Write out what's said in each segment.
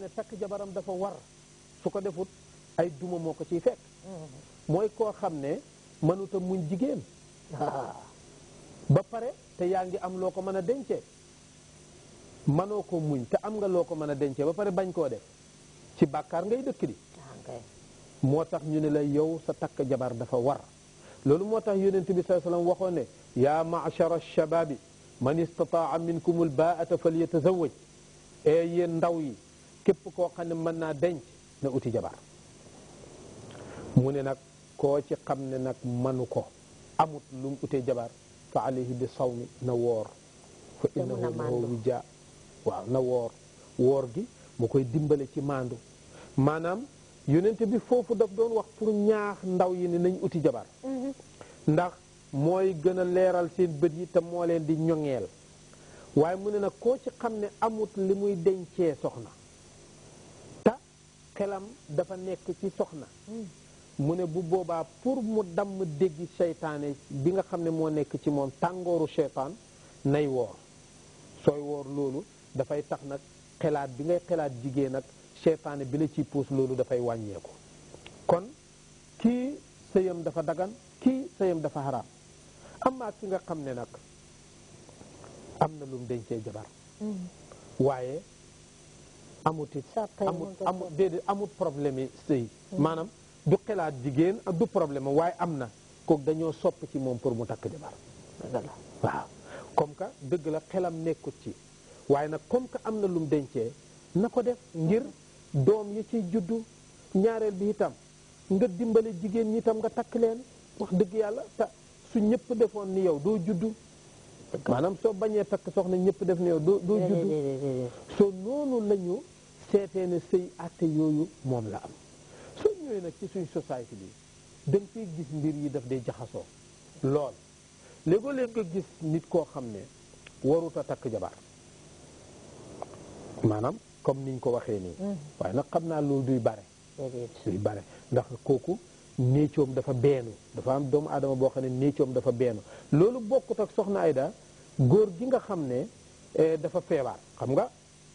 xamne takk jabaram dafa war su ko defut ay duma moko ci fek moy ko xamne manuta muñ jigen ba pare te yaangi am loko meuna dencé manoko muñ te am nga loko meuna dencé ba pare bañ ko def ci bàkkaar ngay dëkk di motax ñu ne la yow sa tak jabar dafa war lolu motax yoonentou bi sallallahu alayhi wasallam waxone ya ma'shara ash-shababi man istataa minkum al baa'ata falyatazawwaj ee yéen ndaw yi képp koo xam ne mën naa denc na uti jabar mu ne nag koo ci xam ne nag manu ko amut lu mu utee jabar fa alayhi bi sawmi na woor fa innahu lahu wija na woor woor gi mu koy dimbale ci maandu maanaam yonente bi foofu daf doon wax pour ñaax ndaw yi ne nañ uti jabar mhm. ndax mooy gën a leeral seen bët yi te moo leen di ñoŋeel waaye mu ne nag koo ci xam ne amut li muy dencee soxna xelam dafa nekk ci soxna hmm. mu ne bu boobaa pour mu damm déggi seytaane bi nga xam ne moo nekk ci moom tàngooru seytaan nay woor sooy woor loolu dafay tax nag xelaat bi ngay xelaat jigéen nag seytaane bi la ciy puus loolu dafay wàññeeku kon kii sëyam dafa dagan kii sëyam dafa xaraam amaa ki nga xam ne nag am na lum dencee jabar hmm. waaye amuti amut amut déedéet amut problème yi sëy mm. maanaam du xelaat jigéen ak du problème waaye am na kook dañoo sopp ci moom pour mu takk jabar waaw comme que dëgg la xelam nekkut ci waaye nag comme que am na lum dencee na ko def ngir doom yi ci juddu ñaareel bi itam nga dimbale jigéen ñi itam nga takk leen wax dëgg yàlla te su ñëpp defoon ni yow doo juddu maanaam soo bañee takk soxna ñëpp def ne yow doo doo judd soo noonu la seetee ne sëy àtte yooyu moom la am soo ñëwee nag ci suñ société bi da nga gis mbir yi daf dee jaxasoo lool léegoo leen ko gis nit koo xam ne warut a takk jabar maanaam comme niñ ko waxee nii mm. waaye nag xam naa loolu duy bare duy bare ndax kooku néecoom dafa beenu dafa am doomu aadama boo xam ne néecoom dafa beenu loolu bokkut ak soxna ay Ayda góor gi nga xam ne eh, dafa feebar xam nga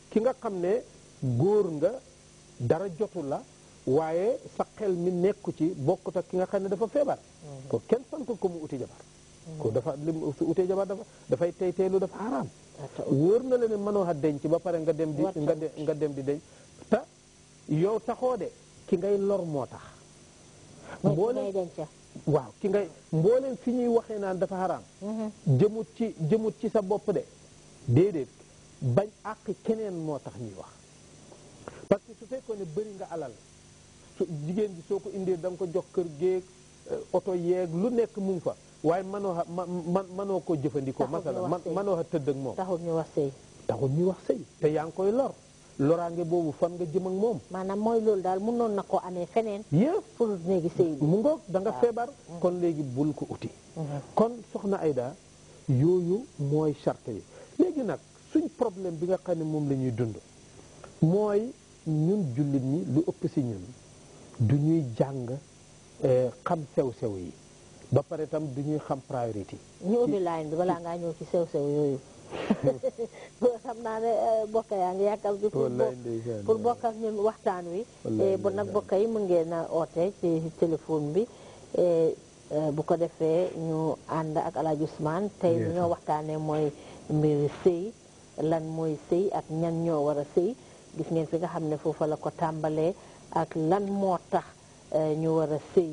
ki nga xam ne góor nga dara jotu la waaye sa xel mi nekku ci bokkut ak ki nga xam ne dafa feebar mm-hmm. kenn santul ko mu uti jabar mm-hmm. ko dafa lim su utee jabar dafa dafay tey lu dafa xaraam wóor na la ne mënoo a denc ba pare nga dem di nga dem di denc te yow taxoo de ki ngay lor moo tax mbooleem waaw ki ngay mbooleem fi ñuy waxee naan dafa xaraam mm-hmm. jëmut ci jëmut ci sa bopp de déedéet bañ àq keneen moo tax ñuy wax parce que su fekkoon ne bëri nga alal su jigéen di soo ko indee da nga ko jox kër géeg euh, oto yeeg lu nekk mu ngi fa waaye manoo man manoo ko jëfandikoo masala manoo xa tëdd ak moom taxul ñu wax sëy taxul ñu wax te yaa ngi koy lor loraange boobu fan nga jëm ak moom. maanaam mooy loolu daal mënoon na ko amee feneen. yéen pour néegi sëy mu ngoog danga feebar. Mm-hmm. kon léegi bul ko uti. Mm-hmm. kon soxna Aida yooyu mooy charte yi léegi nag suñ problème bi nga xam ne moom lañuy dund mooy ñun jullit ñi lu ëpp si ñun du ñuy jàng eh, xam sew-sew yi ba pare tam du ñuy xam priorité. ñu ubbi line bi balaa ngaa ñëw ci sew-sew yooyu. xam naa ne euh, bokk yaa ngi yàkkal bi pour bokk ak ñun waxtaan wi eh, bu nag bokk yi mën ngeen a oote ci téléphone bi eh, euh, bu ko defee ñu ànd ak alaaj Ousmane tey lu ñoo waxtaane mooy mbir sëy lan mooy sëy ak ñan ñoo war a sëy gis ngeen fi nga xam ne foofa la ko tàmbalee ak lan moo tax euh, ñu war a sëy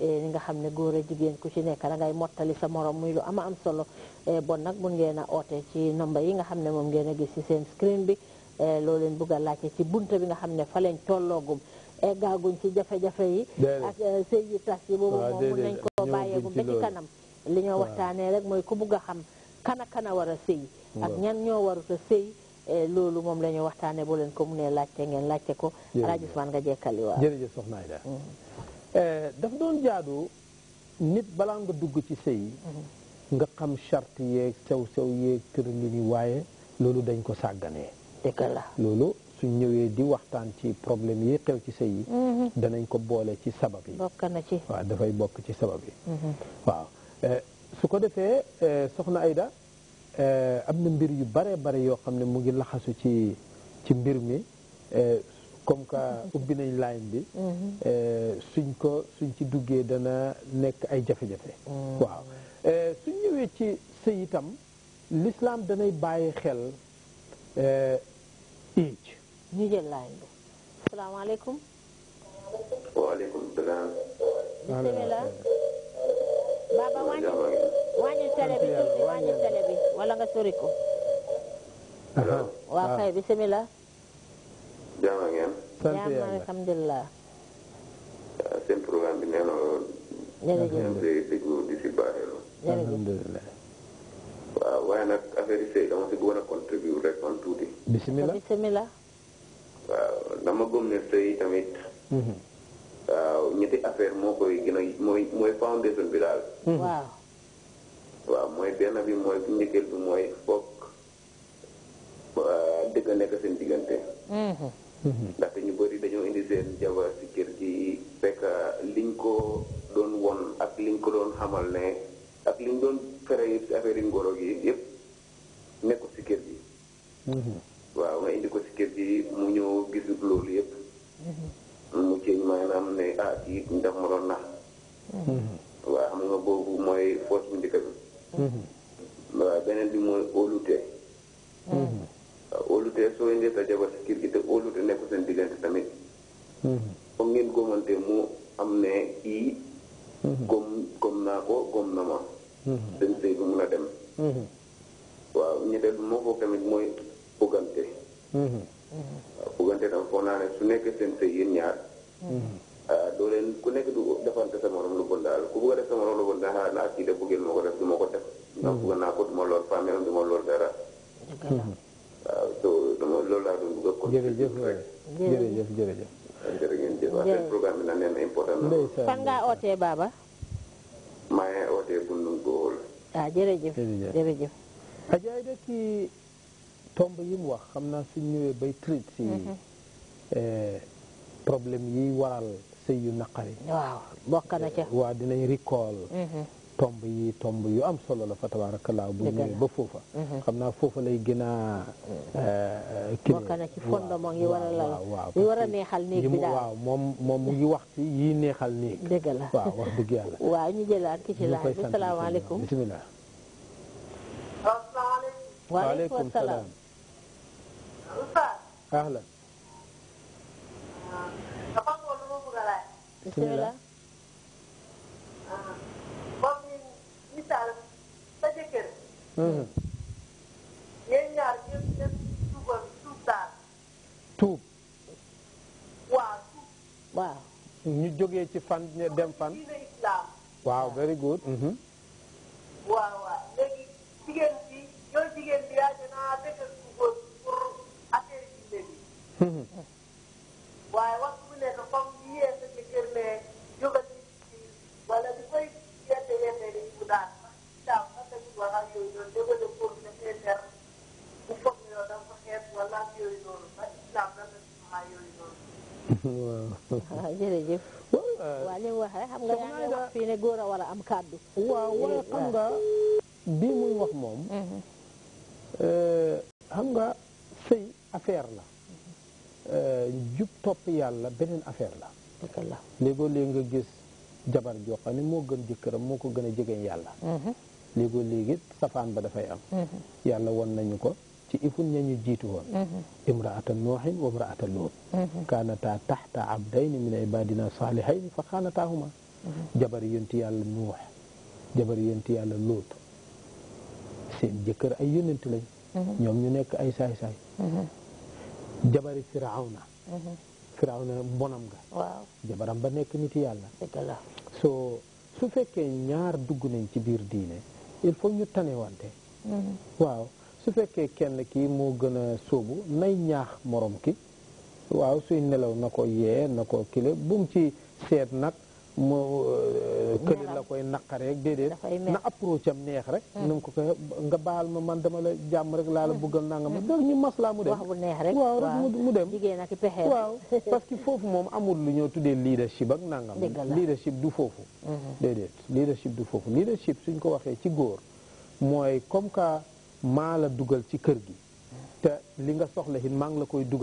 Eh, ñi nga xam ne góor a jigéen ku ci nekk da ngay mottali sa moroom muy lu ama am solo eh, bon nag mun ngeen a oote ci nomba yi nga xam ne moom ngeen a gis ci seen screen bi eh, loo leen bëgg a laajte ci bunta bi nga xam ne fa leen tolloogum eggaaguñ ci jafe-jafe yi ak sëy yi tas yi boobu moom nañ koo bàyyeegum ba ci kanam li ñoo waxtaanee rek mooy ku bugg a xam kana kana war a sëy ak ñan ñoo warut a sëy loolu moom la ñoo waxtaanee boo leen ko mu ne laajte ngeen laajte ko rajo Ousmane nga jekkali waaw jërëjëf soxna Aida mm. Euh, daf doon jaadu nit balaa nga dugg ci sëy mhm. nga xam charte yeeg sew-sew yeeg tëralini waaye loolu dañ ko sàggane dëgg la loolu suñ ñëwee di waxtaan ci problème yi xew ci sëy yi mhm. danañ ko boole ci sabab yi bokk ci waaw dafay bokk ci sabab yi mhm. waaw euh, su ko defee euh, soxna Ayda am na mbir yu bare bare yoo xam ne mu ngi laxasu ci ci mbir mi comme que ubbi nañ line bi mm-hmm. euh, suñ ko suñ ci duggee dana nekk ay jafe-jafe mm-hmm. waaw euh, suñ ñëwee ci sëy itam l'islam danay bàyyi xel iij euh, ñu jël bi asalaamaaleykum waaleykum salaam bisimilah wàññi wàññi télé bi tuuti wàññi télé bi wala nga sori ko waaw ah. kay bisimilah jaama ngeen. sant alhamdulilah. seen programme bi nee na woon. jërëjëf di si baaxeelu. alhamdulilah. waaw waaye nag affaire yi sëy dama si bëggoon a contribuer rek man tuuti. bisimilah bisimilah. waaw dama gëm ne sëy tamit. Mhm. waaw ñetti affaire moo koy gën a mooy mooy foundation bi daal. Mhm. waaw. waaw mooy benn bi mooy njëkkeel bi mooy foog dëgg nekk seen diggante. Mhm. ndaxte mhm. ñu bëri dañoo indi seen jabar si kër gi fekk liñ ko doon won ak liñ ko doon xamal ne ak liñ doon fere yëpp si affaire yi ngoro gi yëpp nekkul si kër gi mhm. waaw nga indi ko si kër gi mu ñëw gis loolu yëpp mhm. mu ceeñ maanaam ne ah kii ndax ma doon nax waaw xam nga boobu mooy force bu njëkk waaw beneen bi mooy óolute óolutee soo indee sa jabar si kër gi te seen diggante tamit foog mm-hmm. ngeen gomante mu am ne kii mm-hmm. gom gom naa ko gom na ma seen mm-hmm. sëy bu mun a dem waaw ñetteel moo foog tamit mooy bëggante waaw bëggante tam foog naa ne su nekkee seen sëy yéen ñaar ah, doo ku nekk du defante sa morom lu bon daal ku bëgg def sa morom lu bon ah, de bëggeel ma ko ko def ndax bëgg naa ko du lool famille am du lool dara waaw doo dama loolu laa doon bëgg a. jërëjëf waay jërëjëf jërëjëf. jërë ngeen jëf ootee baaba. maa ngi ootee Bundung Bool. ah jërëjëf jërëjëf. Adja Aida tomb yi mu wax xam naa suñ ñëwee bay traité si mhm. eh, problème yi waral sëy yu naqari. waaw bokk ca. Eh, waaw dinañ recall. Mhm. tomb yi tomb yu am solo la fa tabaarakallaa bu ñëwee ba foofa xam naa foofa lay gën a kii bokk na ci fondement yi war a lal waaw yi war a neexal néeg bi daal waaw moom moom mu ngi wax ci yi neexal néeg dëgg la waaw wax dëgg yàlla waaw ñu jëlaat ki ci laaj bi salaamaaleykum bisimilah waaleykum salaam ahlan bisimilah yéen ñaar ñëpp ñëpp tuubal ci fan ñu dem fan. waaw very good. Mm-hmm. waaw waaw li mu wax rek xam nga yaa ngi wax fii ne góor a war a am kàddu. waaw wala xam nga bii muy wax moom. Mhm. Euh, xam nga sëy affaire la. Euh, jub topp yàlla beneen affaire la. léegoo léegi nga gis jabar joo xam ne moo gën jëkkëram moo ko gën a jegeñ yàlla. Mhm. léegoo léegi safaan ba dafay am. Mhm. yàlla won nañu ko. ci ifun ñañu jiitu woon mm-hmm. imraata nooxin wa imraata loot mm-hmm. kaanataa taxta abdayni min ibadina saalihayni fa xaanataahuma jabar mm-hmm. jabar yonti yàlla loot seen jëkkër ay yonent lañ ñoom ñu nekk ay saay-saay jabari firawna firawna mbonam ga jabaram ba nekk niti yàlla soo su fekkee ñaar dugg nañ ci biir diine il faut ñu tanewante waaw su fekkee kenn kii moo gën a sóobu nay ñaax moroom ki waaw suy nelaw na ko yee na ko kilo bu mu ci seet nag mu euh, këli la koy naqaree naqareeg déedéet na approche am neex rek hmm. nu ko ko nga baal ma man dama la jàmm rek laa la hmm. bëggal nanga ma hmm. da ñu maslaa mu dem waaw rek mu dem waaw parce que foofu moom amul lu ñoo tuddee leadership ak nangam leadership du foofu déedéet leadership du foofu leadership suñ ko waxee ci góor mooy comme que maa la dugal ci kër gi te li nga soxla it maa ngi la koy dugal